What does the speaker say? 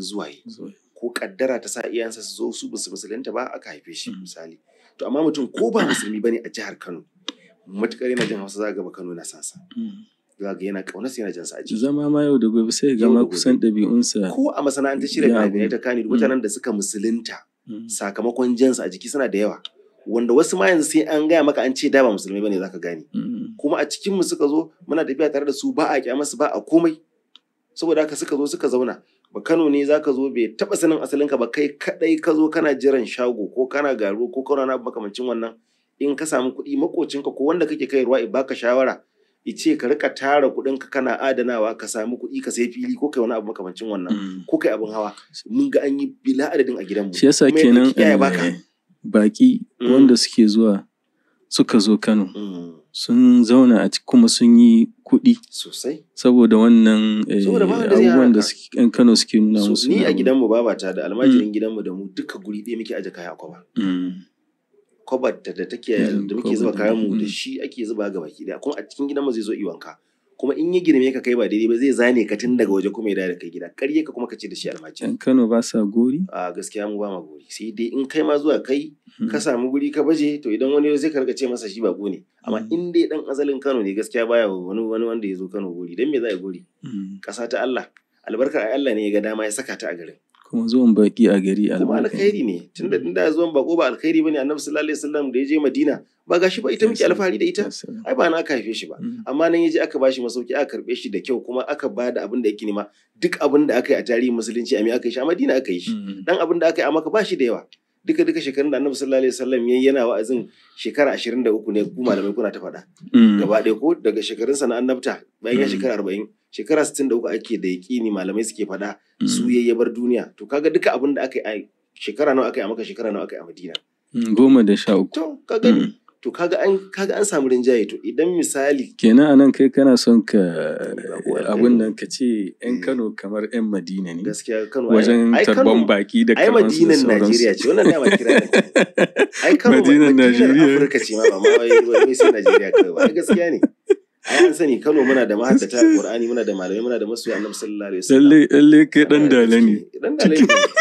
zuwa yi ko kaddara ta sa iyansa su zo su basu musulunta ba aka haife shi mm. misali to amma mutum ko ba musulmi bane a jihar Kano matukar yana jin Hausa zaga ba Kano na san sa mm. za ga yana kaunar yana jin sa a jiki zama ma yau da gobe sai ga ma kusan ɗabi'unsa ko a masana'antar shirya kabinet ta kani mm. mutanen da suka musulunta sakamakon jin sa a jiki suna da yawa wanda wasu ma yanzu sai an gaya maka an ce da ba musulmi bane zaka gane kuma a cikin mu suka zo muna tafiya tare da su ba a kyamar ba a komai saboda haka suka zo suka zauna ba Kano ne zaka zo bai taba sanin asalin ka ba kai kadai ka zo kana jiran shago ko kana garo ko kana na makamancin wannan in ka samu kuɗi makocinka ko wanda kake ruwa i baka shawara ice ka rika tara kuɗin ka kana adanawa ka samu kuɗi ka sai fili ko kai wani abu makamancin wannan mm. ko kai abin hawa mun ga an yi bila adadin a gidanmu shi yasa kenan baki eh, mm. wanda suke zuwa suka zo Kano mm. sun zauna a kuma sun yi kuɗi sosai saboda wannan eh, abubuwan da yan Kano suke nuna musu ni a gidanmu babata da almajirin mm. gidanmu da mu duka guri ɗaya muke aje kaya a kwaba mm. kwabar da take da mm, muke zuba kayan mu da shi ake zuba ga baki ɗaya kuma a cikin gidanmu zai zo iwanka kuma in ya girme ka kai ba daidai ba zai zane ka tun daga waje kuma ya da kai gida karye ka kuma ka ce da shi almajiri in Kano ba sa gori a gaskiya mu ba ma gori sai dai in kai ma zuwa kai hmm. ka samu guri ka baje to idan wani zai ka rika ce masa shi ba ne amma hmm. in dai dan asalin Kano ne gaskiya baya wani wani wanda ya zo Kano gori dan me za yi gori hmm. ƙasa ta Allah albarka albarkar Allah ne ya ga dama ya saka ta a garin kuma zuwan baki a gari kuma alkhairi ne tunda da zuwan bako ba alkhairi bane annabi sallallahu alaihi wasallam da ya je madina ba gashi ba ita muke alfahari da ita ai ba na aka haife shi ba mm. amma nan yaje aka bashi masauki aka karbe shi da kyau kuma aka ba da abin da yake nema duk abin da aka yi a tarihin musulunci a me aka yi shi a madina aka yi shi mm. dan abin da aka yi a maka ba shi da yawa duka duka shekarun da annabi sallallahu alaihi wasallam yayi yana wa'azin shekara 23 ne ku malamai kuna ta faɗa mm. gaba ɗaya ko daga shekarun sa na annabta bayan ya shekara 40 shekara 63 ake da yaƙini malamai suke faɗa mm. su yayye bar duniya to kaga duka abin da aka yi shekara nawa aka yi a maka shekara nawa aka yi a madina mm, goma da sha uku to kaga mm. to kaga an kaga an samu rinjaye to idan misali kenan anan kai kana son ka abun nan ka ce yan Kano eh. kamar yan Madina ne gaskiya Kano wajen tarban baki da kamar ai Madinan Najeriya ce wannan da ba kira ne ai Kano Madinan Najeriya Afirka ce ma ba ma wai sai Najeriya kai ba gaskiya ne an sani Kano muna da mahaifata Qur'ani muna da malamai muna da masu Annabi sallallahu alaihi wasallam lalle lalle kai dan dalani ɗan dan